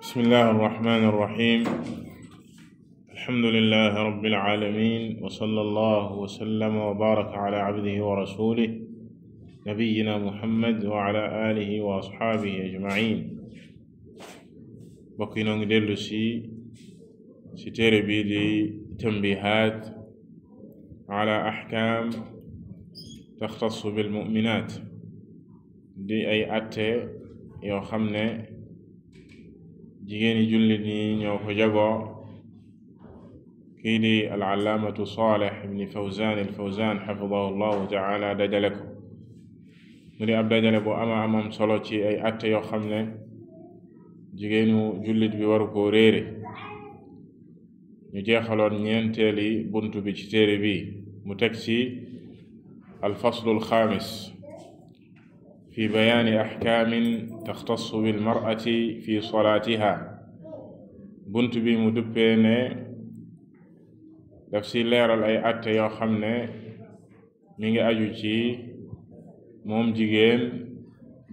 bismillahi arrahmani irrahim alhamdulilahi rabbil alamin wa sallallahu wa sallama wa baaraka ala abdihi wa rasulih nabiyina muhammad wa ala alihi wa asxaabihi ajmain bokk yi noo ngi dellu si si téere bii di tambihaat ala axkaam taxtasu bilmuminat di ay atte yoo xam ne jigéeni jullit ñi ñoo ko jagoo kii di alalaamatu saleh ibni fawzan al fawzan dajale ko mu di ab dajale ama amam solo ci ay atte yoo xam ne jigéenu jullit bi waru koo réere ñu jeexaloon ñeenteeli buntu bi ci téere bi mu teg ci alfaslu alxaamis fi bayaani axkaamin taxtassu bilmarati fi solaatiha bunt bi mu duppee ne daf si leeral ay atte yoo xam ne mi ngi aju ci moom jigéen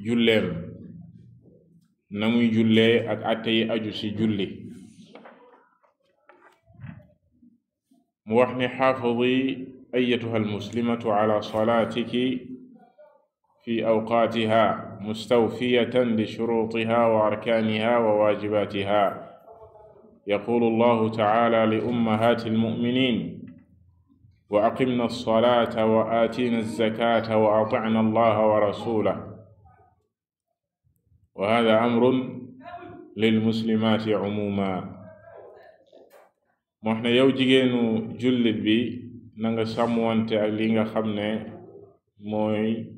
julleem na muy jullee ak atte yi aju si julli mu wax ni xaafidi ayatuha almuslimatu ala solaatiki fi awqaatiha mustawfiyatan li shuruutiha wa arkaaniha wa waajibaatiha yaquulu allahu tacaala li ummahaati almu'miniin wa aqimna alsalaata wa aatina alzakaata wa atacna allaha wa rasuulahu wa haaza amrun lilmuslimaati cumuuman wax ne yow jigéenu jullit bi na nga sàmmwante ak li nga xam ne mooy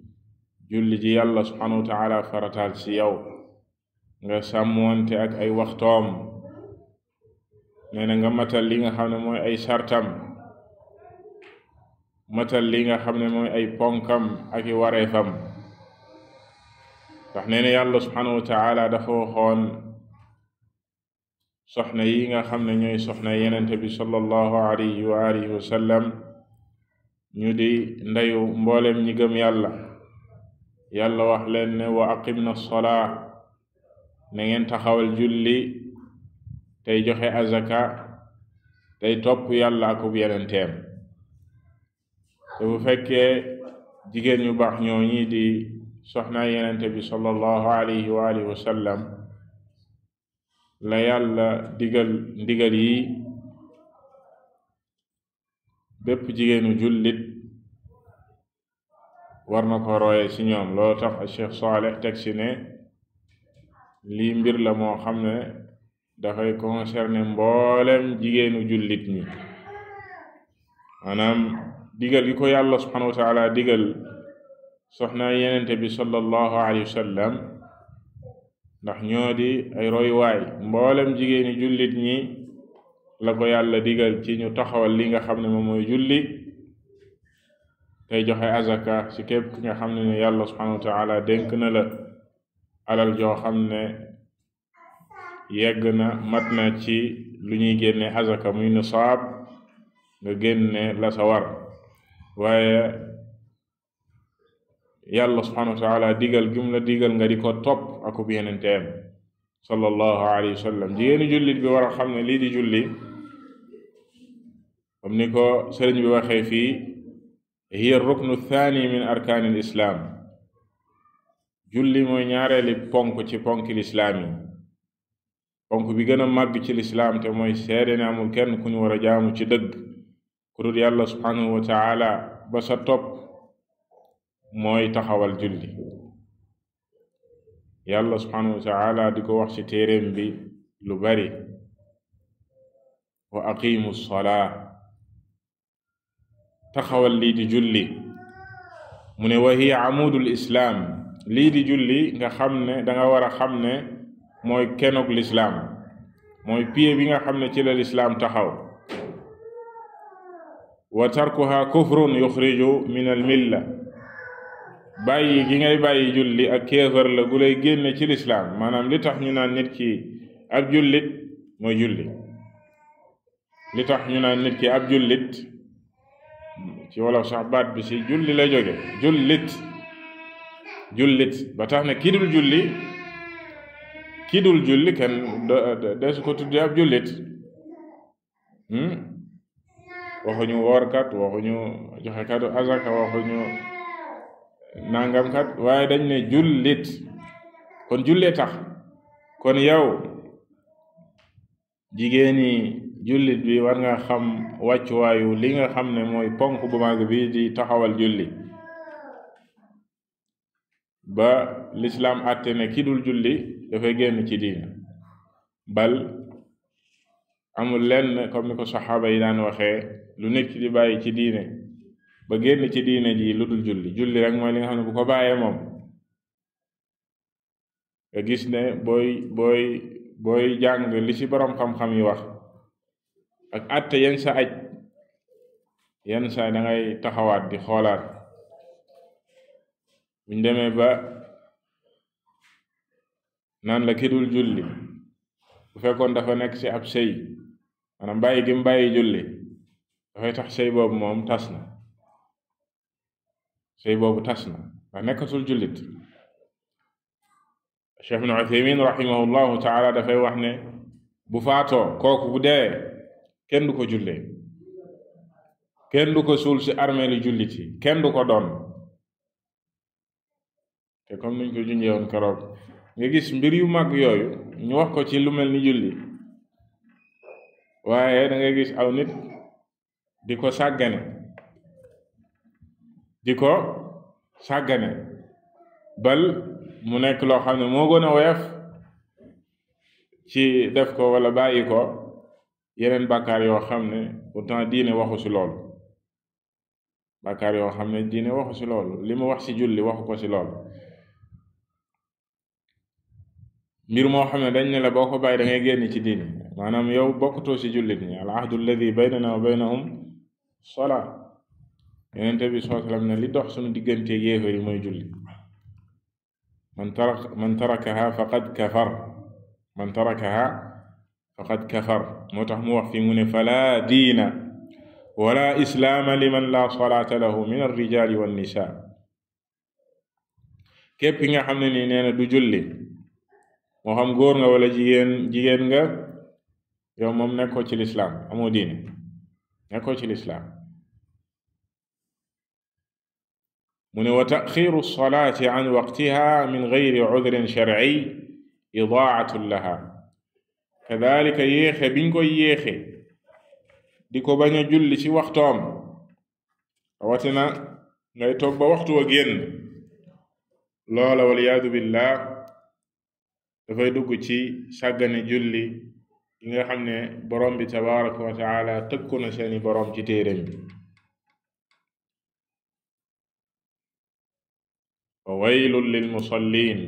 julli ji yàlla subhanahu wa taala farataal ci yow nga sàmmwante ak ay waxtoom nee nga matal li nga xam ne mooy ay sartam matal li nga xam ne mooy ay ponkam ak i wareefam ndax nee na yàlla subhanahu wa taala dafa waxoon soxna yi nga xam ne ñooy soxna yenente bi sallallahu alayhi wa sallam ñu di ndeyu mboolem ñi gëm yàlla yàlla wax leen ne wa aqimna solaa na ngeen taxawal julli tey joxe azaka tey topp yàlla akub yenenteem te bu fekkee jigéen ñu baax ñoo ñi di soxna yenente bi sallallahu alayhi wa alihi wa la yàlla digal ndigal yi bépp jigéenu jullit war na ko roye ci ñoom loolu tax Cheikh Saleh teg ci lii mbir la moo xam ne dafay concerner mboolem jigéenu jullit ñi maanaam digal gi ko yàlla subhanahu taala digal soxna yenente bi sallallahu alayhi wa ndax ñoo di ay royuwaay mboolem jigéeni jullit ñi la ko yàlla digal ci ñu taxawal li nga xam ne moom mooy julli tey joxe azaka ci képp nga xam ne ne yàlla subhanahu taala dénk na la alal joo xam ne yegg na mat na ci lu ñuy génne azaka muy nisaab nga génne la sa war waaye yàlla subhanahu wa taala digal gi la digal nga di ko topp akub yenenteem sallallahu alayhi wa sallam jigéeni jullit bi war xam ne lii julli comme ni ko sëriñ bi waxee fii hiya ruknu thani min arkaani lislaam julli mooy ñaareeli ponk ci ponk lislaam ponk bi gën a màgg ci lislaam te mooy seede ne amul kenn ku war a jaamu ci dëgg ku dul yàlla subhaanahu wa taala ba sa mooy taxawal julli yàlla subhaanahu wa taala di ko wax ci téeréem bi lu bari wa aqimu salaa taxawal lii di julli mu ne wa hiya amudul islaam lii julli nga xam ne danga war a xam ne mooy kenok lislaam mooy pied bi nga xam ne ci la lislaam taxaw wa tarkuha kufrun yuxriju min al milla bàyyi gi ngay bàyyi julli ak kéefër la gu lay génne ci lislaam maanaam li tax ñu naan nit ki ab jullit mooy julli li tax ñu naan nit ki ab jullit ci wolof sax baat bi julli la jóge jullit jullit ba tax na kii dul julli kii dul julli kenn desu ko tuddee ab jullit hmm? waxuñu woorkat waxuñu joxekatu azaka waxuñu nangamkat waaye dañ ne jullit kon jullee tax kon yow jigéeni jullit bi war nga xam wàccuwaayu li nga xam ne mooy ponk bu mag bi di taxawal julli ba lislaam àtte ne ki dul julli dafay génn ci diina bal amul lenn comme ni ko saxaaba yi daan waxee lu nit ki di bàyyi ci diine ba génn ci diine ji lu dul julli julli rek mooy li nga xam ne bu ko bàyyee moom nga gis ne booy booy booy jàng li ci boroom xam-xam yi wax ak atte yenn sa aj yenn saay da taxawaat di xoolaat buñ demee ba naan la ki julli bu fekkoon dafa nekk ci ab sëy maanaam bàyyi gi mu julli dafay tax sey boobu moom tas na sëy boobu tas na ndax nekkatul jullit Cheikh Ibn Uthaymin rahimahullahu taala dafay wax ne bu faatoo kooku bu dee kenn du ko jullee kenn ko suul ci armeelu jullit yi kenn du ko doon te comme niñ ko junjee woon keroog nga gis mbir yu mag yooyu ñu wax ko ci lu mel ni julli waaye da nga gis aw nit di ko sàggane di ko sàggane bal mu nekk loo xam ne moo gën a woyof ci def ko wala bàyyi ko yeneen bàkkaar yoo xam ne pourtant diine waxu ci loolu bàkkaar yoo xam ne diine waxu ci loolu li mu wax ci julli waxu ko ci loolu mbir moo xam ne dañ ne la boo ko bàyyi da ngay ci diine maanaam yow bokkutoo ci jullit ñi al ahdu alladi baynana wa baynahum sola yenente bi saa sallam ne li dox suñu diggante yéefar yi mooy julli man taraka man tarakaha faqad kafar man tarakaha faqad kafar moo tax mu wax fi mu ne fala diina wala islaama liman la salaata lahu min alrijali wannisaa képp ki nga xam ne ni nee na du julli moo xam góor nga wala jigéen jigéen nga yow moom nekkoo ci lislaam amoo diine nekkoo ci lislaam mu ne wa taxiru salaati an waqtiha min gayri cudrin sharci idaacatun laha kadalika yéexe biñ koy yéexe di ko bañ a julli ci waxtoom rawatina ngay toog waxtu wa génn loola waliyaadu billah dafay dugg ci sàggane julli yi nga xam ne borom bi tabaraka wa taala tëkku na seeni borom ci téeréem bi wa lil musallin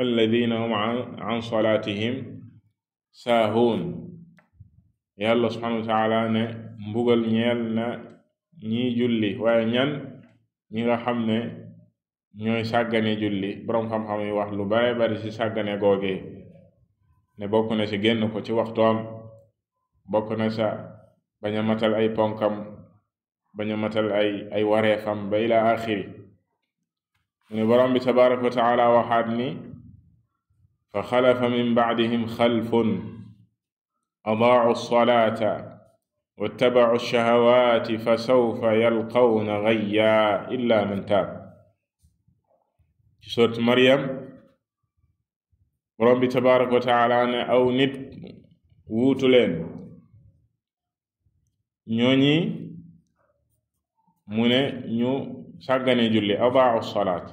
alladina hum an saahuun yàlla subhanahu wa taala ne mbugal ñeel na ñiy julli waaye ñan ñi nga xam ne ñooy sàggane julli boroom xam-xam yi wax lu bare bari ci sàggane googee ne bokk na ci génn ko ci waxtoom bokk na sa bañ a ay ponkam bañ a ay ay wareefam ba ila axiri ne boroom bi tabaraka wa taala waxaat ni fa xalafa min bacdihim xalfun adaacu salaata wattabacu shahawaati fa sawfa yalqawna gayya illa man taab ci soorti Maryam borom bi tabaraka wa taala ne aw nit wuutu leen ñooñi mu ne ñu sàggane julli adaacu salaat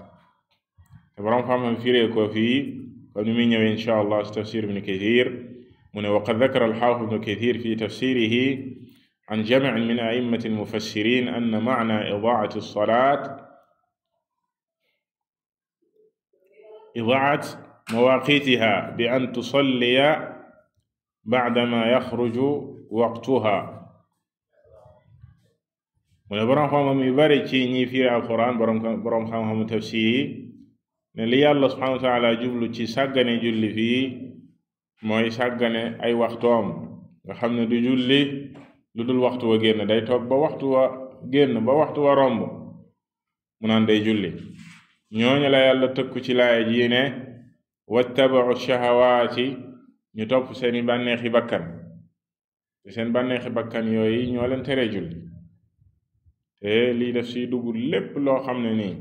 te borom xam-xam firee ko fii comme ni muy ñëwee incha allah si tafsir ibn kathir mu ne waqad dakara alxaafid ibn kathir fi tafsirihi an jamicin min a'immati almufassirin anna macna idaacati alsalat idaacat mawaqitiha bi an tusalliya bacdama yaxruju waqtuha mu ne boroom xam-xam yu bari ci ñi fiir alquran boroom boroom xam-xam tafsir yi ne li yàlla subhanahu jublu ci sàggane julli fii mooy sàggane ay waxtoom nga xam ne du julli lu dul waxtu wa génn day toog ba waxtu wa génn ba waxtu wa romb mu naan day julli ñooñu la yàlla tëkku ci laaya ji ne wattabacu shahawaati ñu topp seeni bànneexi bakkan te seen bànneexi bakkan yooyu ñoo leen tere julli te lii def siy dugg lépp loo xam ne nii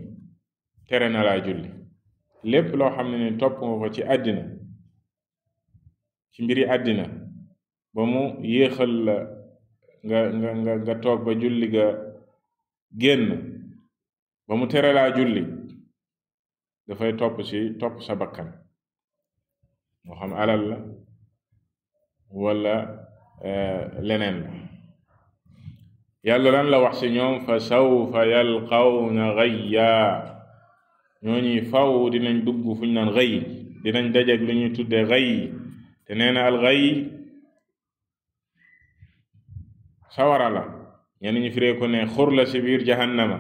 tere na laa julli lépp hmm. loo xam ne ni topp nga ko ci àddina ci mbiri àddina ba mu yéexal la nga nga nga toog ba julli ga génn ba mu tere julli dafay topp ci topp sa bakkan moo xam alal la wala euh, leneen la yàlla lan la wax ci ñoom fa sawfa yalqawna gayya ñooñu faw dinañ dugg fuñ ñu naan xëy dinañ dajeg lu ñuy tudde xëy te nee al xëy sawara la ñenn ñu firee ko ne xur la si biir jahannama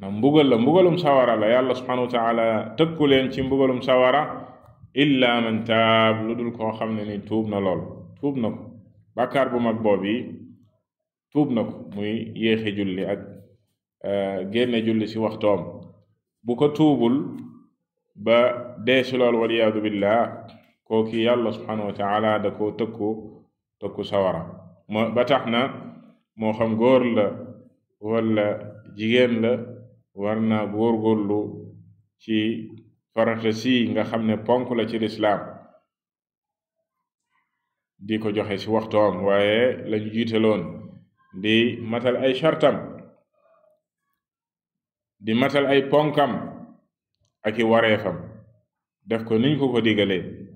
na mbugal la mbugalum sawara la yàlla subhanahu wa taala tëkku leen ci mbugalum sawara illa man taab lu dul ko xam ne ni tuub na lool tuub na ko bàkkaar bu mag boobu tuub na ko muy yéexe julli ak eh, génne julli si waxtoom bu ko tuubul ba dee ci lool waliyaadu billah kooki yàlla subhanahu wa taala da koo tëkku tëkku sawara moo ba tax na moo xam góor la wala jigéen la war naa góorgóorlu ci farata si nga xam ne ponk la ci lislaam di ko joxe ci waxtoom waaye lañu jiitaloon di matal ay chartam di matal ay ponkam ak i wareefam def ko niñ ko ko digalee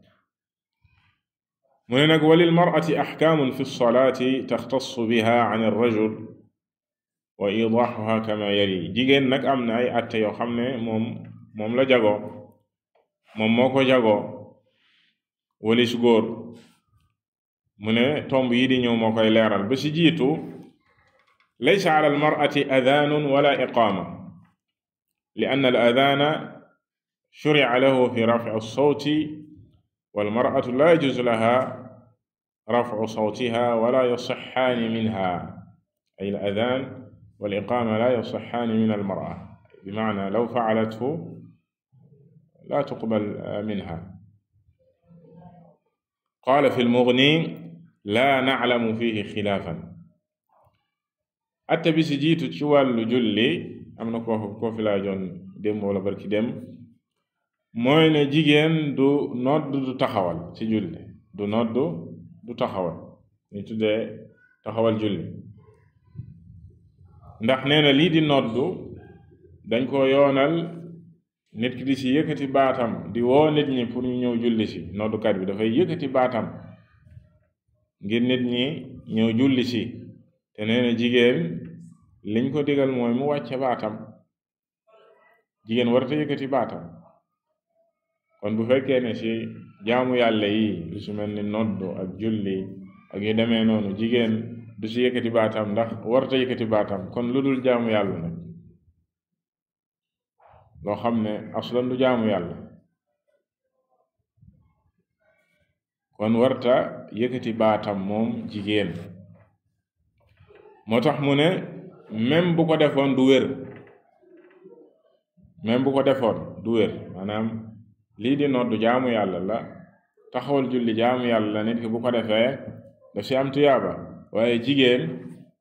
mu ne nag walil mar'ati axkaamun fi lsalaati taxtassu biha an alrajul wa idaxuha kama yali jigéen nag am na ay atte yoo xam ne moom la jago moom moo ko jagoo walis góor ne tomb yi di ñëw moo koy leeral ba si jiitu laysa ala almar'ati wala iqaama لأن الأذان شرع له في رفع الصوت والمرأة لا يجوز لها رفع صوتها ولا يصحان منها أي الأذان والإقامة لا يصحان من المرأة بمعنى لو فعلته لا تقبل منها قال في المغني لا نعلم فيه خلافا حتى بسجيت تشوال جلي am na koo koo fi laajoon démb wala barki démb mooy ne jigéen du nodd du taxawal ci julli du nodd du taxawal ñu tuddee taxawal julli ndax nee lii di nodd dañ ko yoonal nit ki di ci yëkkati baatam di woo nit ñi pour ñu ñëw julli ci noddukat bi dafay yëkkati baatam ngir nit ñi ñëw julli ci te nee jigéen liñ ko digal mooy mu wàcce baatam jigéen warata yëkkati baatam kon bu fekkee ne ci jaamu yàlla yi lu su mel ni noddu ak julli ak yu demee noonu jigéen du ci yëkkati baatam ndax warata yëkkati baatam kon lu dul jamu yàlla nag loo xam ne aslan du jamu yàlla kon warta yëkkati baatam moom jigéen moo tax mu même bu ko defoon du wér même bu ko defoon du wér maanaam lii di noddu jaamu yàlla la taxawal julli jaamu yàlla la nit ki bu ko defee daf si am tuyaaba waaye jigéen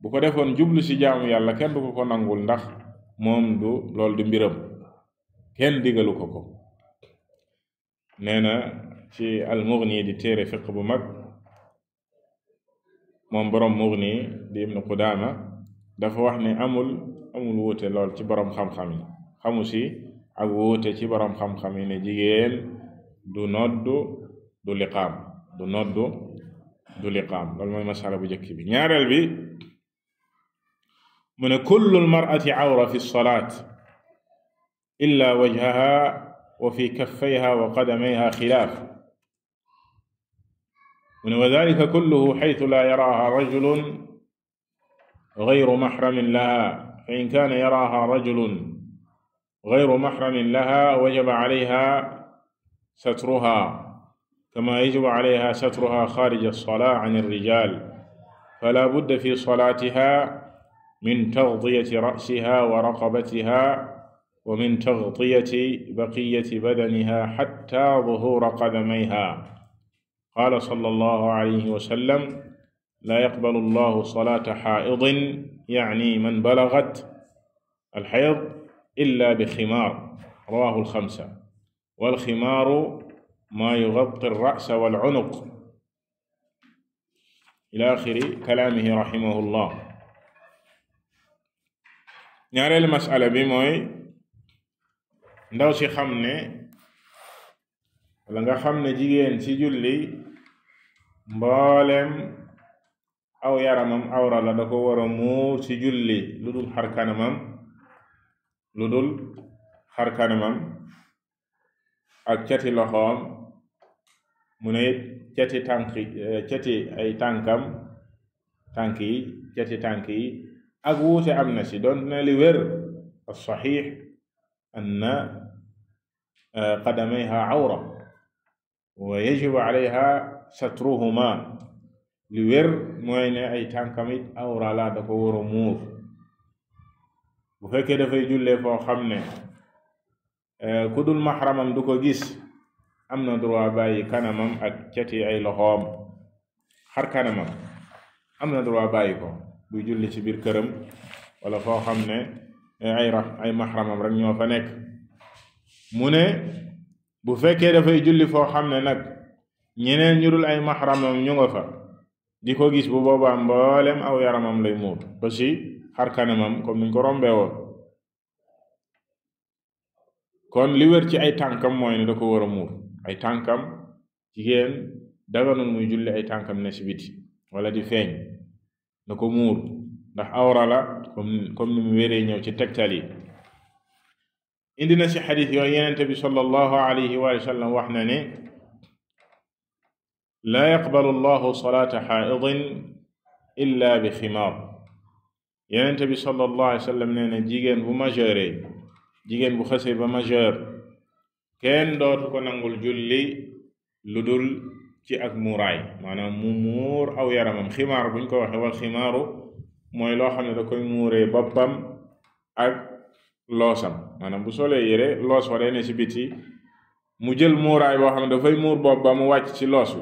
bu ko defoon jublu si jamu yàlla kenn du ko ko nangul ndax moom du loolu du mbiram kenn digalu ko ko nee na ci al-Mughni di téere fiq bu mag moom borom Mughni di Ibnu Qudaama dafa wax ne amul amul wuute lool ci borom xam-xam yi xamu si ak wuute ci borom xam-xam yi ne jigéen du noddu du liqaam du noddu du liqaam loolu mooy masala bu njëkk bi ñaareel bi mu ne kullu lmarati awra fi lsalaat illa wajhaha wa fi kaffayha wa qadamayha xilaaf mu ne wa dalika kulluhu xaytu la yaraaha rajulun غير محرم لها فإن كان يراها رجل غير محرم لها وجب عليها سترها كما يجب عليها سترها خارج الصلاة عن الرجال فلا بد في صلاتها من تغطية رأسها ورقبتها ومن تغطية بقية بدنها حتى ظهور قدميها قال صلى الله عليه وسلم laa yaqbalu allahu salaata xaaidin yaani man balagat alxayd illa bi ximaar rawahu alxamsa walximaaru maa yugatti alrasa walunuq ila axiri kalaamihi raximahu llah ñaareelu masala bi mooy ndaw si xam ne wala nga xam ne jigéen ci julli mbooleem aw yaramam awra la da ko war a muur ci julli lu dul xar kanamam lu dul xar kanamam ak cati loxoom mu ne cati tànk eh, cati ay tànkam tànk yi cati tànk yi ak wuute am na ci doon na li wér as-saxiix anna eh, qadamayha awra wa yajibu alayha satruhuma li wér mooy ne ay tànkam it awra la da ko war bu fekkee dafay jullee foo xam ne eh, kudul dul maxramam du ko gis am na droit bàyyi kanamam ak cati ay loxoom xar kanamam am na droit bàyyi juli buy julli ci biir këram wala foo xam ne eh, ay ra ay maxramam rek ñoo nekk mu ne bu fekkee dafay julli foo xam ne nag ñeneen ñu dul ay maxramam ñu di ko gis bu boobaa mboolem aw yaramam lay muut ba si xar kanamam comme niñ ko rombee woon kon li wér ci ay tànkam mooy ne da ko war a muur ay tànkam jigéen daganul muy julli ay tànkam ne wala di feeñ na ko muur ndax awra la comme comme ni ñëw ci tegtal yi indi na si xadis yooyu yenente bi sallallahu alayhi wa sallam wax na ne laa yaqbalu allahu salaata xaaidin illa bi ximaar yenente bi sallallahu alayhi wa sallam jigéen bu majeure jigéen bu xëse ba majeur kenn dootu ko nangul julli lu ci ak muuraay maanaam mu muur aw yaramam ximaar buñ ko waxe wal ximaaru mooy loo xam ne da koy muuree boppam ak loosam maanaam bu solee yére loos wa dee ne ci mu jël muuraay boo xam ne dafay muur bopp ba mu wàcc ci loos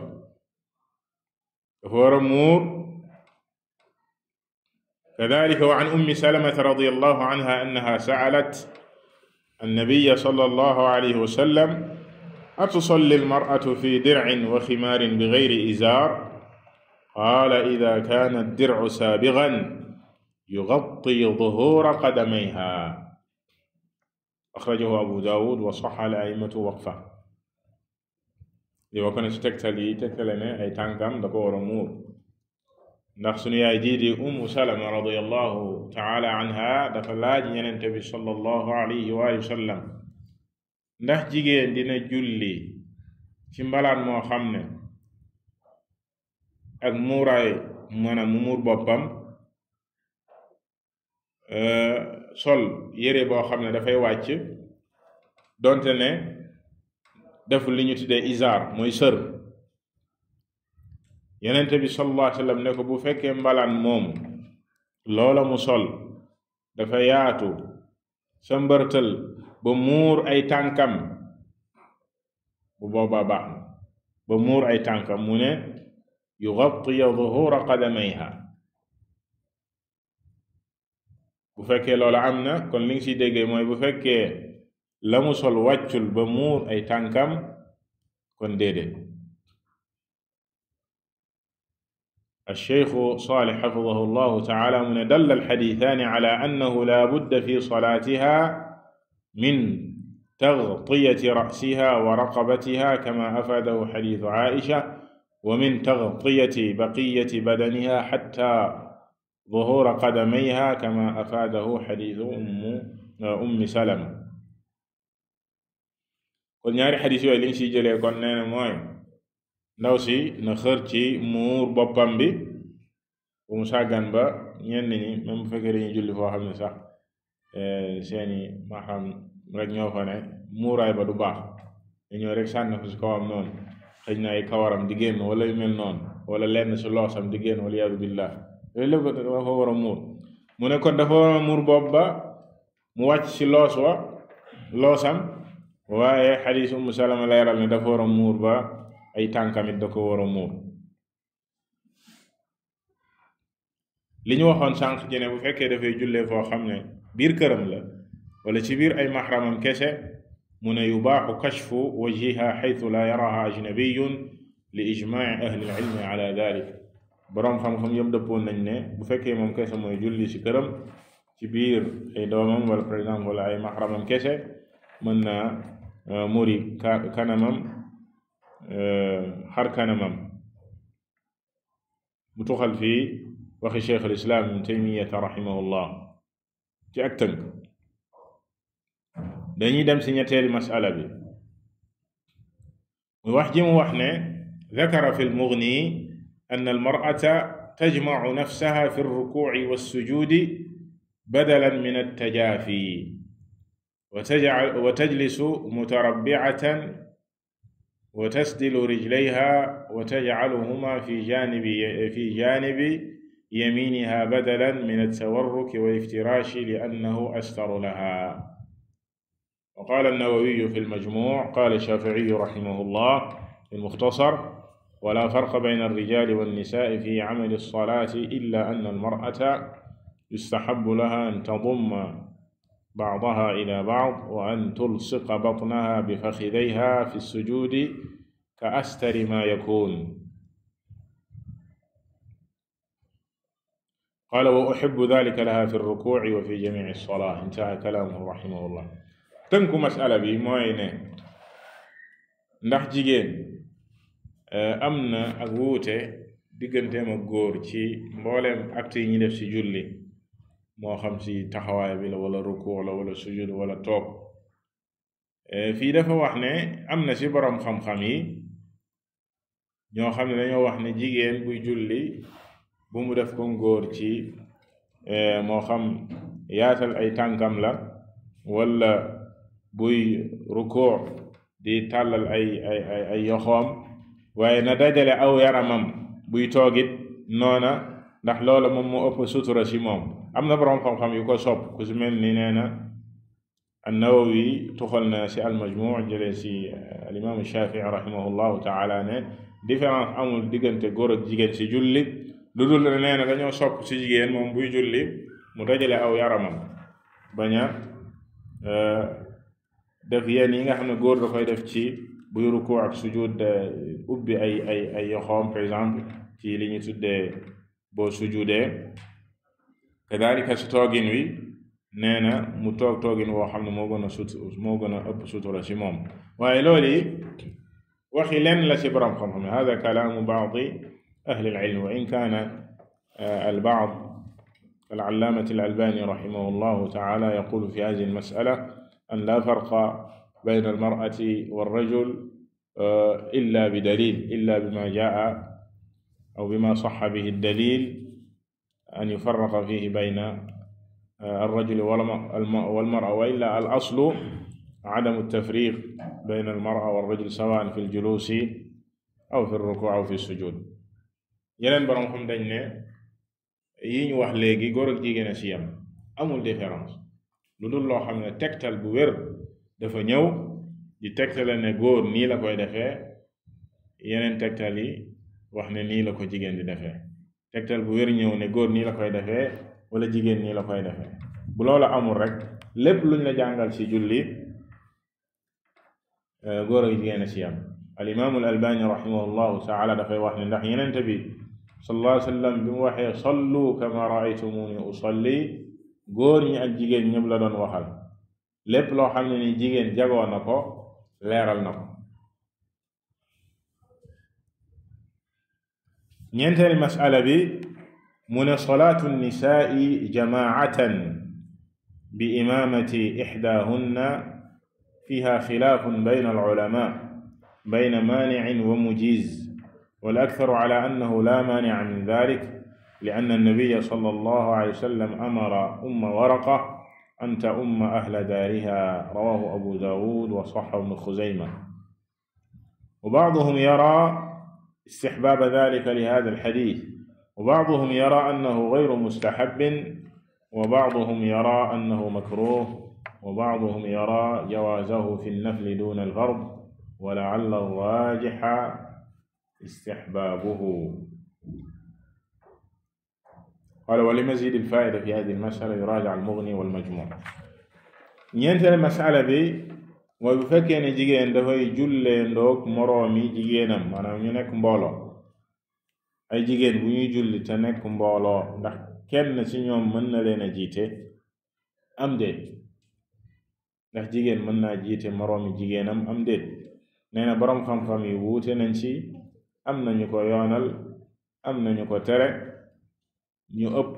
dafa war a muur kadalika wa an ummi salamata radiyallahu anha annaha sa'alat annabiya sallallahu alayhi wa sallam atusalli almar'atu fi dir'in wa ximaarin bighayri izaar qaala idaa kaana ad-dir'u saabigan yughatti duhuura qadamayha axrajahu abu daawud wa sahhahu al-a'immatu waqfa li bokk na ci tegtal yi tegtale ne ay tànkam da ko a muur ndax sunu yaay jii di salama radiyallahu taala anha dafa laaj yenente bi sallallahu alayhi wa sallam ndax jigéen dina julli ci mbalaan moo xam ne ak muuraay maanaam mu muur boppam euh, sol yére boo xam ne dafay wàcc donte ne def li ñu tuddee isaar mooy sër yonent bi sallallahu alayhi wa ne ko bu fekkee mbalaan moomu loola mu sol dafa yaatu sa mbërtël ba muur ay tànkam bu boobaa baax ba muur ay tànkam mu ne yuxatiya duhura qadamayha bu fekkee loola am na kon li nga si déggee mooy bu fekkee la mu sol wàccul ba muur ay tànkam kon déedéet alcheikhu saleh xafidahu allahu taala mu ne dalla alxadiisaani ala annahu la budda fi salaatiha min taxtiyati rasiha wa raqabatiha kama afaadahu xadiisu aisha wa min taxtiyati baqiyati badaniha xatta duhuura qadamayha kama afaadahu xadiisu ummi salama kon ñaari xadis yooyu liñ si jëlee kon nee mooy ndaw si na xër ci muur boppam bi bu mu sàggan ba ñenn ñi même bu fekkee dañuy julli foo xam ne sax eh, seeni maxam rek ñoo fa ne muuraay ba du baax dañoo rek sànni ko si kawam noonu xëy na ay kawaram di génn wala yu mel noonu wala lenn si loosam di génn wala yadu billah loolu lépp dafa war a muur mu ne kon dafa war a muur bopp ba mu wàcc si loos wa loosam waaye xadis umu salama leeral ne dafa war muur ba ay tànkamit da ko war a muur li ñu waxoon sànq ci ne bu fekkee dafay jullee foo xam ne biir këram la wala ci biir ay maxramam kese mu ne yubaaxu kashfu wajiha xaytu laa yaraha ajnabiyun li ijmaaci ahli ilmi ala dalik boroom xam-xam yëpp nañ ne bu fekkee moom kese mooy julli ci këram ci biir ay doomam wala par ay maxramam kese mën na Eh, muri kanamam xar eh, kanamam mu tuxal fii waxi cheikh alislaam ibn taymiyata rahimahullah ci ak tënk dañuy dem si ñetteeli masala bi mu wax ji mu wax ne dakara fi lmugni an almar'ata tajmacu nafsaha fi alrukuci walsujudi badalan min altajaafi wa tajlisu mutarabbi'atan wa tasdilu rijlayha wa taj'aluhuma fi janibi fi janibi yaminiha badalan min at-tawarruki wal iftiraashi li'annahu astaru laha. Wa qaala an-Nawawiyu fi al-Majmuu' qaala ash-Shaafi'iyyu rahimahullah fi al-Mukhtasar wa laa farqa bayna ar-rijaali wan-nisaa'i fi 'amali as-salaati illaa anna al-mar'ata yustahabbu laha an tadumma بعضها إلى بعض وأن تلصق بطنها بفخذيها في السجود كأستر ما يكون قال وأحب ذلك لها في الركوع وفي جميع الصلاة انتهى كلامه رحمه الله tënku masala bi mooy ne ndax jigéen am na ak wuute digganteem ak góor ci mbooleem acte yi ñu def ci julli moo xam si taxawaay bi la wala ruku la wala sujud wala toog e, fii dafa wax ne am na si boroom xam-xam yi ñoo xam ne dañoo wax ne jigéen buy julli bu mu def ko ngóor ci e, moo xam yaatal ay tànkam la wala buy ruku di tàllal ay ay yoxoom waaye na dajale aw yaramam buy toogit noona ndax loola moom mu ëpp sutura si moom am na boroom xam-xam yu ko sopp ku si mel ni nee na annawawi tuxal na si almajmu jëlee si eh, alimaam shafii rahimahullahu taala ne différence amul diggante góor ak jigéen si julli lu dul ne nee na dañoo sopp si jigéen moom buy julli mu dajale aw yaramam bañ a eh, def yenn yi nga xam ne góor da def ci buy ruku ak sujud eh, ubbi ay ay ay exemple ci liñu ñu tuddee boo sujudee kadalika si toogin wi nee na mu toog toogin woo xam ne moo gën a sut moo gën a ëpp sutura si moom waaye loolu yi waxi leen la si borom xam-xam ne hada kalaamu baadi ahli alilm wa in kaana eh, albaad kalalaamati alalbani raximahu llahu taala yaqulu fi hadihi almasala an la farqa bayna almarati walrajul eh, illa bi dalil illa bima jaa aw bima saxa bihi dalil an yufarraqa fihi bayna alrajuli walmara wa illa al aslu adamu tafriq bayna almara walrajuli sawaan fi ljuluusi aw fi ruku aw fi sujud yeneen borom xam dañ ne yi wax léegi góor ak jigéen a si yam amul différence lu dul loo xam ne tegtal bu wér dafa ñëw di tegtale ne góor nii la koy defee yeneen tegtal yi wax ne nii la ko jigéen di defee tegtal bu wér ñëw ne góor nii la koy defee wala jigéen nii la koy defee bu loola amul rek lépp luñ la jàngal si julli euh, góor ak jigéen a ci yam al imaamu al albani taala dafay wax ne ndax yenente bi sallallahu alayhi wa sallam bi mu waxee sallu kama raaytumuni usalli góor ñi ak jigéen ñëpp la doon waxal lépp loo xam ne ni jigéen jagoo na ko leeral na ko ñeenteeli masala bi mu ne solaatu nisaai jamaatan bi imaamati ixdaahunna fiha xilaafun bayna alulama bayna maanicin wa mujiz wal aktaru ala annahu la maanica min dalik lianna annabiya sallallahu alayhi wa sallam amara umma waraqa an ta'umma ahla daariha rawahu abu daawud wa saxxahu ibnu xuzayma wa bacduhum yara استحباب ذلك لهذا الحديث وبعضهم يرى أنه غير مستحب وبعضهم يرى أنه مكروه وبعضهم يرى جوازه في النفل دون الفرض ولعل الراجح استحبابه قال ولمزيد الفائدة في هذه المسألة يراجع المغني والمجموع ñeenteel masala bi mooy bu fekkee ne jigéen dafay jullee ndoog moroomi jigéenam maanaam ñu nekk mbooloo ay jigéen bu ñuy julli te nekk mbooloo ndax kenn ci ñoom mën na leen a jiite am déet ndax jigéen mën naa jiite moroomi jigéenam am déet nee na xam-xam yi wuute nañ ci am nañu ko yoonal am nañu ko tere ñu ëpp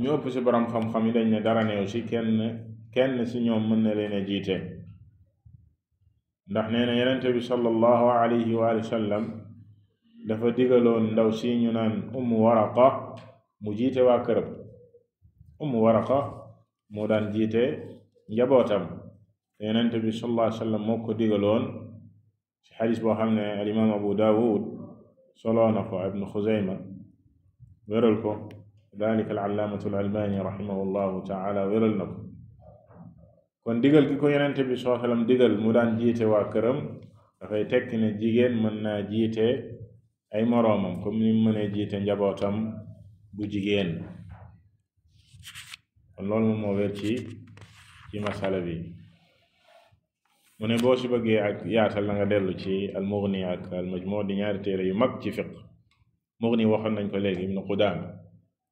ñu ëpp ci boroom xam-xam yi dañ ne dara neew ci kenn kenn si ñoom mën na leen jiite ndax ne na yenente bi sallallahu alayhi wa sallam dafa digaloon ndaw si ñu naan ummu waraqa mu jiite waa këram ummu waraqa moo daan jiite njabootam yenente bi sallallahu alayhi wa sallam moo ko digaloon ci xadis boo xam ne abu daawud soloo na ko ibnu xuzayma wéral ko dalika al allaamatu al albani taala wéral na ko kon digal gi ko yonente bi soo xelam digal mu daan jiite waa këram dafay tekki ne jigéen mën naa jiite ay moroomam comme ni mu mënee jiite njabootam bu jigéen kon loolu moo wér ci ci masala bi mu ne boo si bëggee ak yaatal na nga dellu ci al ak al di ñaari téere yu mag ci fiq mughni waxoon nañ ko léegi ibnu qudaama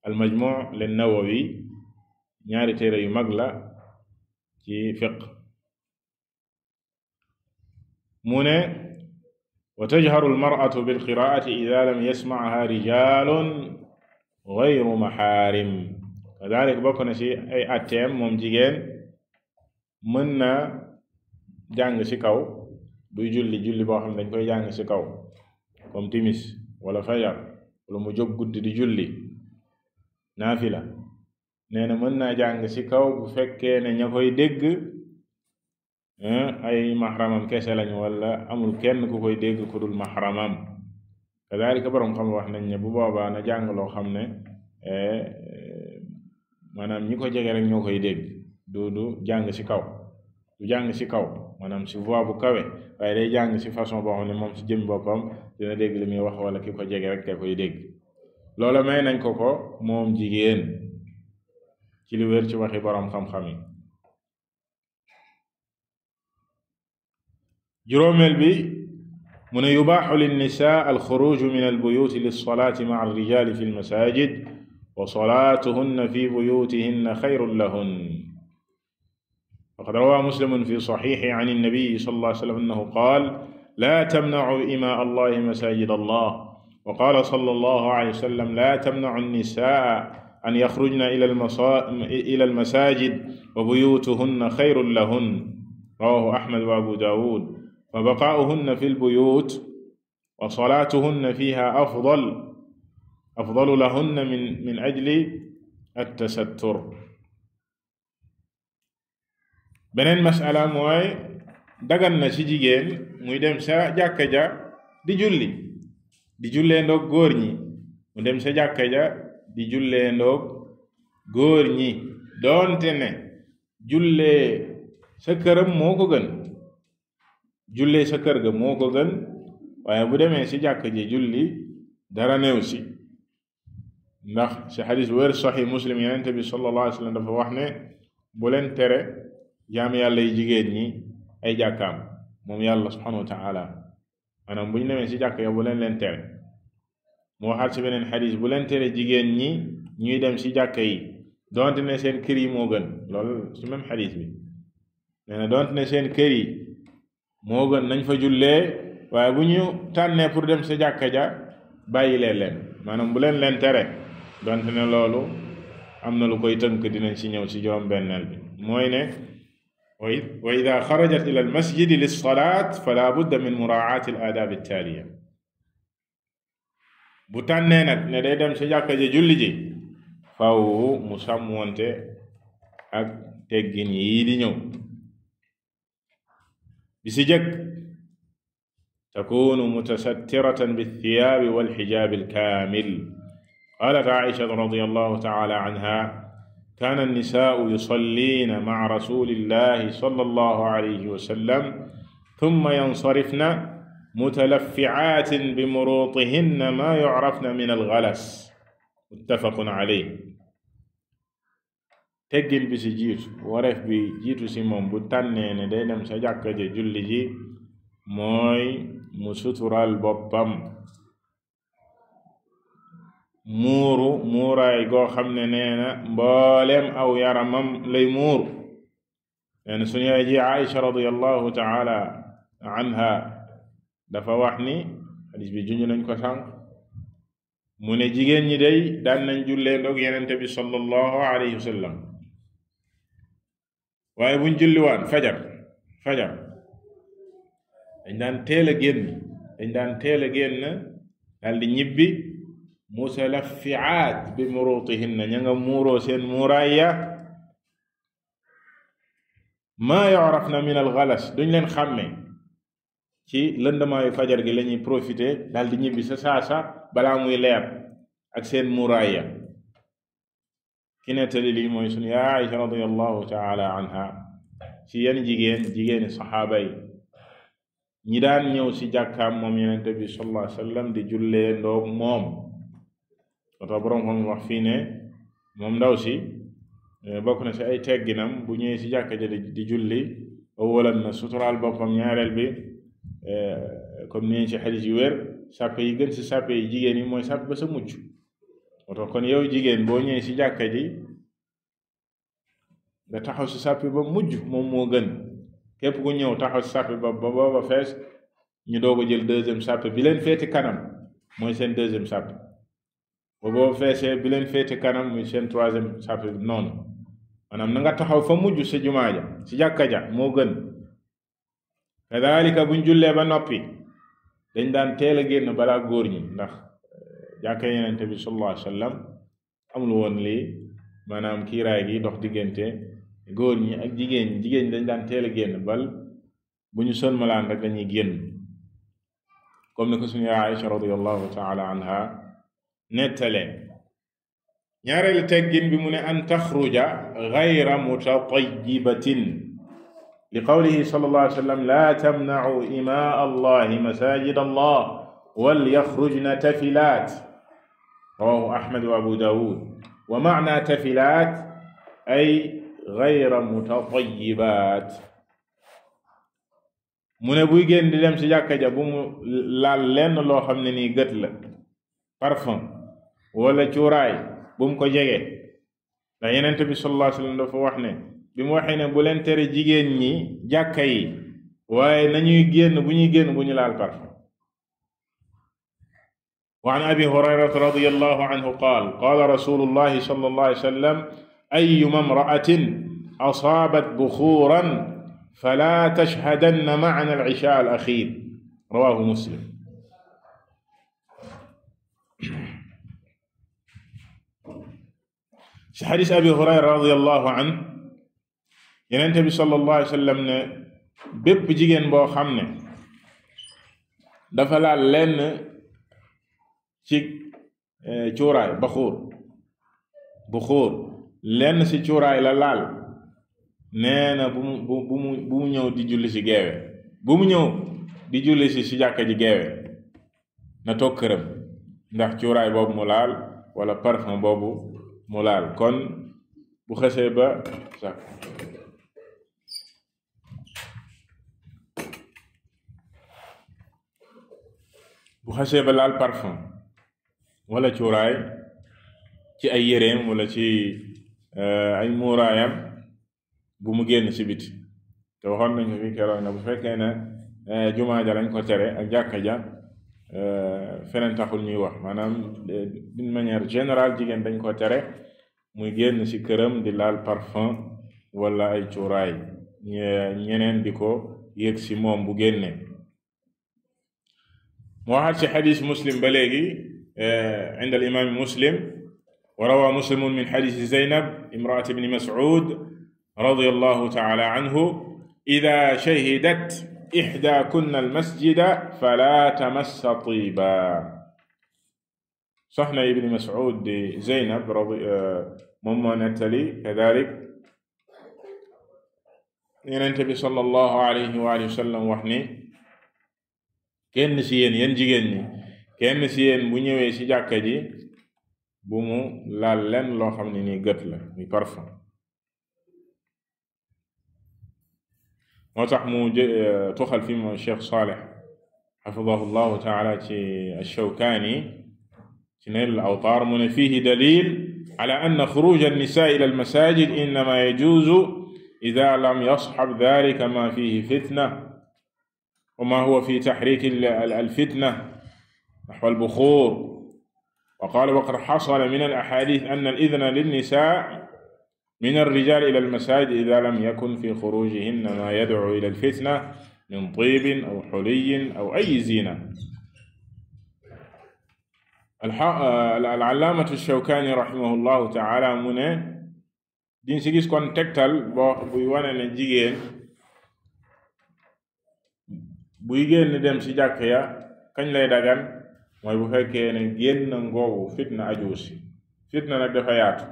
al majmu len ñaari téere yu mag la ci fiq mu ne wa tajharu almar'atu i ida lam yasmacaha rijalun gayru maxaarim kadalik bokk na ci ay moom jigéen mën na jàng ci kaw duy julli julli boo xam ne dañ koy jàng ci kaw comme timis wala fajar wala mu jóg di julli naafila nee na mën naa jàng ci kaw bu fekkee ne ña koy dégg ay maxramam kese lañ wala amul kenn ku koy dégg ku dul maxramam kadalika borom xam wax nañ ne bu boobaa na jàng loo xam ne eh, maanaam ñi ko jege rek ñoo koy dégg du du jàng ci kaw du jàng ci kaw maanaam si voix bu kawe waaye day jàng ci façon boo xam ne moom si jëm boppam dina dégg li muy wax wala ki ko jege rek te koy dégg loola may nañ ko ko moom ci li wér ci waxi boroom xam-xam yi juróomeel bi mu ne yubaaxu linnisa alxuruju min albuyuti lilsalaati maca alrijali fi almasajid wa salaatuhunna fi buyutihinna xayrun lahun faqad rawaa muslimun fi saxiixi can annabiyi sallallahu alayhi wa sallam annahu qaal laa tamnacuu imaa allahi masaajid allah wa qaala sallallahu alayhi wa sallam laa tamnacu annisaa an yaxrujna ila almasajid wa buyutuhunna xayrun lahun rawahu ahmad wa abu dawud fa baqaa'uhunna fi lbuyut wa salaatuhunna fiha afdal afdalu lahunna min min ajli attasattur beneen masala mooy dagan na ci jigéen muy dem sa jàkka ja di julli di jullee ndoog góor ñi mu dem sa jàkka ja di jullee ndoog góor ñi doonte ne jullee sa këram moo ko gën jullee sa kër ga moo ko gën waaye bu demee si jàkk ji julli dara néew si ndax si xadis wér saxi muslim yenente bi sallallahu alayhi wa sallam dafa wax ne bu leen tere yam yàlla yi jigéen ñi ay jàkkaam moom yàlla subhanahu wa taala maanaam bu ñu demee ci jàkk ya bu leen leen tere moo waxaat ci beneen xadis bu leen tere jigéen ñi ñuy dem si jàkka yi donte ne seen kër yi moo gën loolu ci même xadis bi nee na ne seen kër yi moo gën nañ fa jullee waaye bu ñu tànnee pour dem sa jàkka ja bàyyi leen leen maanaam bu leen leen tere donte ne loolu am na lu koy tënk dinañ ci ñëw ci juróom-benneel bi mooy ne wa ida xarajat ila al masjidi lis salaat fala budda min muraati al aadaab al bu tànnee nag ne day dem sa jàkka ji julli ji faw mu sàmmonte ak teggin yii di ñëw bi si jëkk takunu mutasattiratan bilthiyaabi walxijaabi alkaamil qaalat aisha radiyallahu taala anha kaana annisaau yusalliina maca rasulillahi sallallahu alayhi wa sallam thumma yansarifna mutalaffi'aatin bi muruutihinna maa yu'rafna min al-ghalas muttafaqun alayh teggin bi si jiitu wareef bi jiitu si moom bu tànnee ne day dem sa jàkka ja julli ji mooy mu sutural boppam muuru muuraay goo xam ne nee na mbooleem aw yaramam lay muuru leen suñu yaay ji Aïcha radiyallahu ta'ala anha dafa wax ni xadis bi junj nañ ko sànq mu ne jigéen ñi day daan nañ jullee ndoog yenente bi sallallahu alayhi wa sallam waaye buñ julliwaan fajar fajar dañ daan teel a génn dañ daan teel a génn daal di ñibbi musalaffiaat bi muruutihinna ña nga seen muuraay ya maa yoraf min al galas leen xàmmee ci lëndamaayu fajar gi la ñuy profité daal di ñibbi sa saasa balaa muy leer ak seen muraaya ki nettali li mooy sunu yaa Aïcha radiyallahu taala anha ci yenn jigéen jigéeni saxaaba ñi daan ñëw si jàkkaam moom yenente bi sallallahu alayhi di jullee ndoog moom oto boroom xam wax fii ne moom ndaw si eh, bokk na si ay tegginam bu ñëwee si jàkka ja di julli awalan na suturaal boppam ñaareel bi Eh, comme ni ci xadis yu wér sàppe yi gën si sàppe yi jigéen yi mooy sàpp ba sa muj moo kon yow jigéen boo ñëwee si jàkka ji nga taxaw si sàppe ba mujj moom moo gën képp ku ñëw taxaw si sàppe ba booba fees ñu doog a jël deuxième sàppe bi leen féete kanam mooy seen deuxième sàppe ba booba feesee bi leen féete kanam muy seen troisième sàppe noonu maanaam na nga taxaw fa mujj si jumaa si jàkka ja moo gën kadalika buñ jullee ba noppi dañ daan teel a génn bala góor ñi ndax eh, jàkka yenente bi sallallahu alayhi wasallam amul woon li maanaam kiiraay gi ndox diggante góor ñi ak jigéen ñi jigéen ñi dañ daan teel a génn bal bu ñu malaan rek dañuy génn comme ni ko suñu Aïcha radiyallahu taala anha nettalee ñaareelu teggin bi mu ne an taxruja gayra mutatayibatin li qawlihi sallallahu alayhi wa sallam laa tamna'uu imaa allahi masaajid allah wal yaxrujna tafilaat rawaahu ahmad wa abu daawud wa ma'naa tafilaat ay gayra mutatayibaat mu ne buy génn di dem ci jàkka ja bu mu laal lenn loo xam ne nii gët la parfum wala cuuraay bu mu ko jege ndax yenent bi sallallahu alayhi wa sallam dafa wax ne bi mu waxee ne bu leen tere jigéen ñi jàkka yi waaye nañuy génn bu ñuy génn bu ñu laal parfum wa an abi hurayrata radiyallahu anhu qaal qaala rasulullahi sallallahu alayhi wa sallam ayyuma imra'atin asaabat buxuuran fala tashhadanna ma'ana al-'ishaa al-axiir rawaahu muslim ci xadiis abi hurayra radiyallahu anhu yenente bi sallallahu alayhi ne bépp jigéen boo xam ne dafa laal lenn ci eh, cuuraay baxuur buxuur lenn ci cuuraay la laal nee na bu mu bu mu bu mu ñëw di julli ci geewe bu mu ñëw di julli ci ci jàkka ji geewe na toog këram ndax cuuraay boobu mu laal wala parfum boobu mu laal kon bu xesee ba sax bu xasee ba laal parfum wala cuuraay ci ay yéreem wala ci euh, ay muuraayam bu mu génn ci biti te waxoon nañu fi bu fekkee ne euh, jumaa ja lañ ko tere ak jàkka ja euh, feneen taxul ñuy wax maanaam d'une manière générale jigéen dañ ko tere muy génn ci këram di laal parfum wala ay cuuraay ñeneen di ko yëg ci moom bu génnee mu waxaat ci xadis muslim ba léegi eh, inda al imaami muslim wa rawa muslimun min xadisi zeynab imraati bni mas'ud radiyallahu taala anhu ida shahidat ixda kunna almasjida fala tamassa tiiba soxna ibni mas'ud di zeynab eh, moom moo nettali kadalik yonente bi sallallahu alayhi wa alihi wa sallam wax ni kenn si yéen yéen jigéen ñi kenn si yéen bu ñëwee si jàkka ji bu mu laal lenn loo xam ne nii gët la muy parfum moo tax mu euh, tuxal fi mu Cheikh Saleh xafidahu llahu taala ci Shawkaani ci Naylul Awtaar mu ne fiihi dalil ala anna xuruj annisa ila almasajid innama yajuuzu ida lam yasxab dalika ma fihi fitna wa maa huwa fi taxriiki alfitna naxwa albuxuur wa qaala wa qad xasala min alaxaadiis anna al-idna linnisaa min alrijaali ila almasaajid idaa lam yakun fi xuruujihinna maa yadcuu ila alfitna min tiibin aw xuliyin aw ayyi ziina. Al-allaamatu Shawkaani raximahu llahu taala mu ne diñ si gis kon tegtal boo buy wane ne jigéen buy génne dem ci jàkk ya kañ lay dagan mooy bu fekkee ne génn ngoogu fitna aju si fitna nag dafa yaatu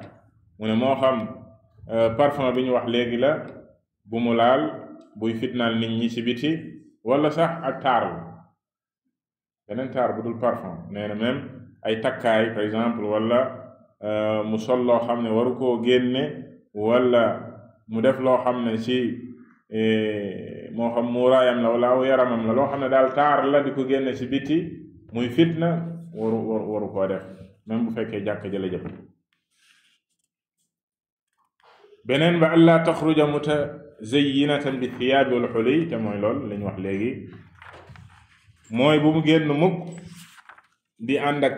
mu ne moo xam euh, parfum bi ñu wax léegi la bu mu laal buy fitnaal nit ñi ci biti wala sax ak taar la beneen taar bu dul parfum nee na ay takkaay par exemple wala euh, mu sol loo xam ne waru koo génne wala mu def loo xam ne ci euh, moo xam muuraayam la wala aw yaramam la loo xam ne daal taar la di ko génne ci biti muy fitna waru waru def même bu fekkee jàkk jala jëm beneen ba allaa taxruja mutazayyinatan bi thiyaabi wal xuliy te mooy lool li wax léegi mooy bu mu génn mukk di ànd ak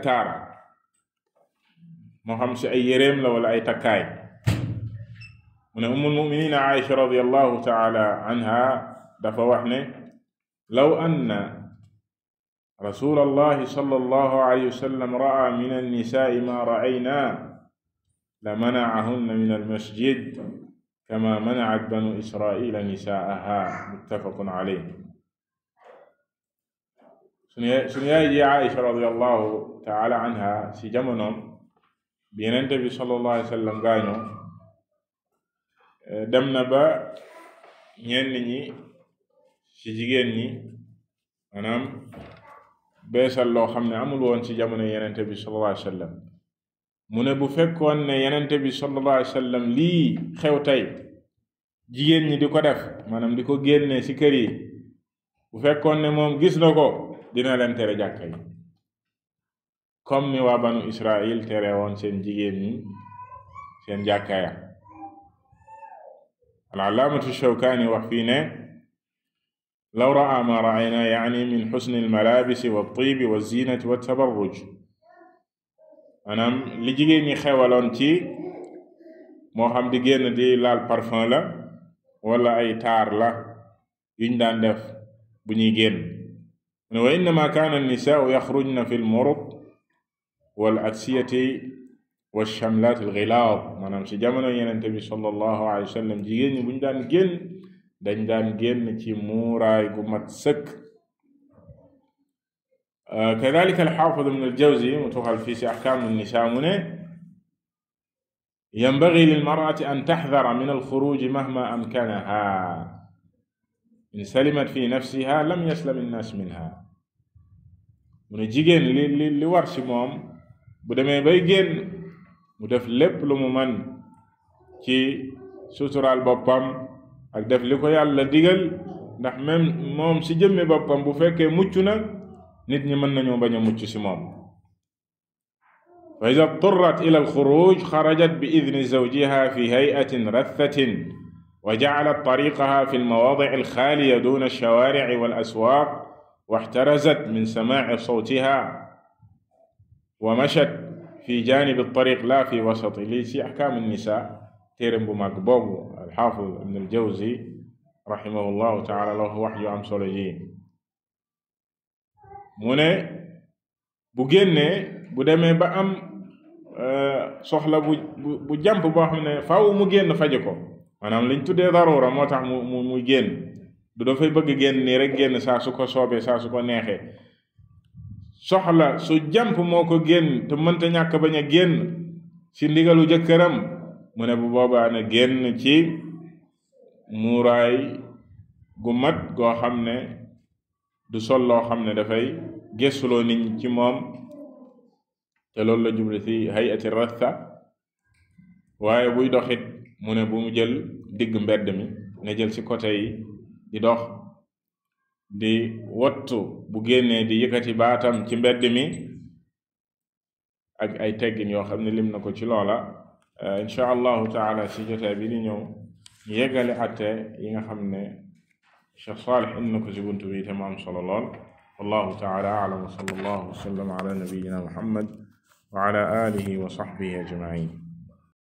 moo xam si ay yéreem la wala ay takkaay mu ne ummul muminina Aïcha radiallahu taala anha dafa wax ne law anna rasul allahi sallallahu alayhi wa sallam ra'a min annisaai ma ra'ayna la mana'ahunna min almasjid kama mana'at banu israila nisaaha muttafaqun alayh sunu sunu yaay ji Aïcha radiyallahu taala anha si jamonoom bi Yonent bi sallallahu alayhi wa sallam gaañoo eh, dem na ba ñenn ñi ci jigéen ñi maanaam beesal loo xam ne amul woon ci jamono yenente bi sallallahu alayhi mu ne bu fekkoon ne yenente bi sallallahu alayhi wasallam lii xew tey jigéen ñi di ko def maanaam di ko génne ci kër yi bu fekkoon ne moom gis na ko dina leen tere jàkka yi comme ni waa banu Israël tere woon seen jigéen ñi seen jàkkaaya al alaamatu Shawkaani law raa ma raayna yaani min xusni almalabisi waltibi walzinati waltabarruj maanaam li jigéen ñi xewaloon ci moo xam di génn di laal parfum la wala ay taar la yuñ daan def bu ñuy génn ne wa innama kaana annisaau yaxrujna fi lmurut wal aksiyati walchamlat alxilaad maanaam si jamono yenente bi sallallahu alayhi wa sallam jigéen ñi buñ daan génn dañ daan génn ci muuraay gu mat sëkk euh, kadalika alxaafid ibn aljawzi mu tuxal fii si axkaam annisa mu ne yanbagi lilmarati an taxdara min alxuruji mahma amkanaha in salimat fi nafsiha lam yaslam innaas minha mu ne jigéen li li li war ci moom bu demee bay génn mu def lépp lu mu man ci suturaal boppam ak def li ko yàlla digal ndax même moom si jëmmi boppam bu fekkee mucc na nit ñi mën nañoo bañ a mucc si moom fa ida turrat ila alxuruj xarajat bi idni zawjiha fi hayatin rathatin wa jacalat tariqaha fi almawaadici alxaaliya duna alshawaarici walaswaaq waxtarazat min samaaci sawtiha wa mashat fi janibi altariq la fi wasati li si axkaam annisa téeram bu màgg boobu alxaafid ibn al jawzi taala la wax wax yu am solo yi mu ne bu génnee bu demee ba am e, soxla bu bu jàmp boo xam ne faaw mu génn faje ko maanaam liñ tuddee darura moo tax mu mu génn du dafay bëgg génn ni rek génn saa su ko soobee saa su ko neexee soxla su jàmp moo ko génn te mënta ñàkk bañ a génn ci ndigalu jëkkëram mu ne bu boobaa na génn ci muuraay gu mat goo xam ne du sol loo xam ne dafay gëstuloo nit ñi ci moom te loolu la jublu ci hayati rasta waaye buy doxit mu ne bu mu jël digg mbedd mi na jël ci côté yi di dox di wottu bu génnee di yëkkati baatam ci mbedd mi ak ay teggin yoo xam ne lim na ko ci loola Euh, incha allahu taala si jotaay bi di ñëw yeggale atte yi nga xam ne Cheikh Saalih indi na ko si buntu bi te mu am solo lool wallahu taala aalam wa sallallahu wa sallam ala nabiyina muhammad wa ala alihi wa sahbihi ajmain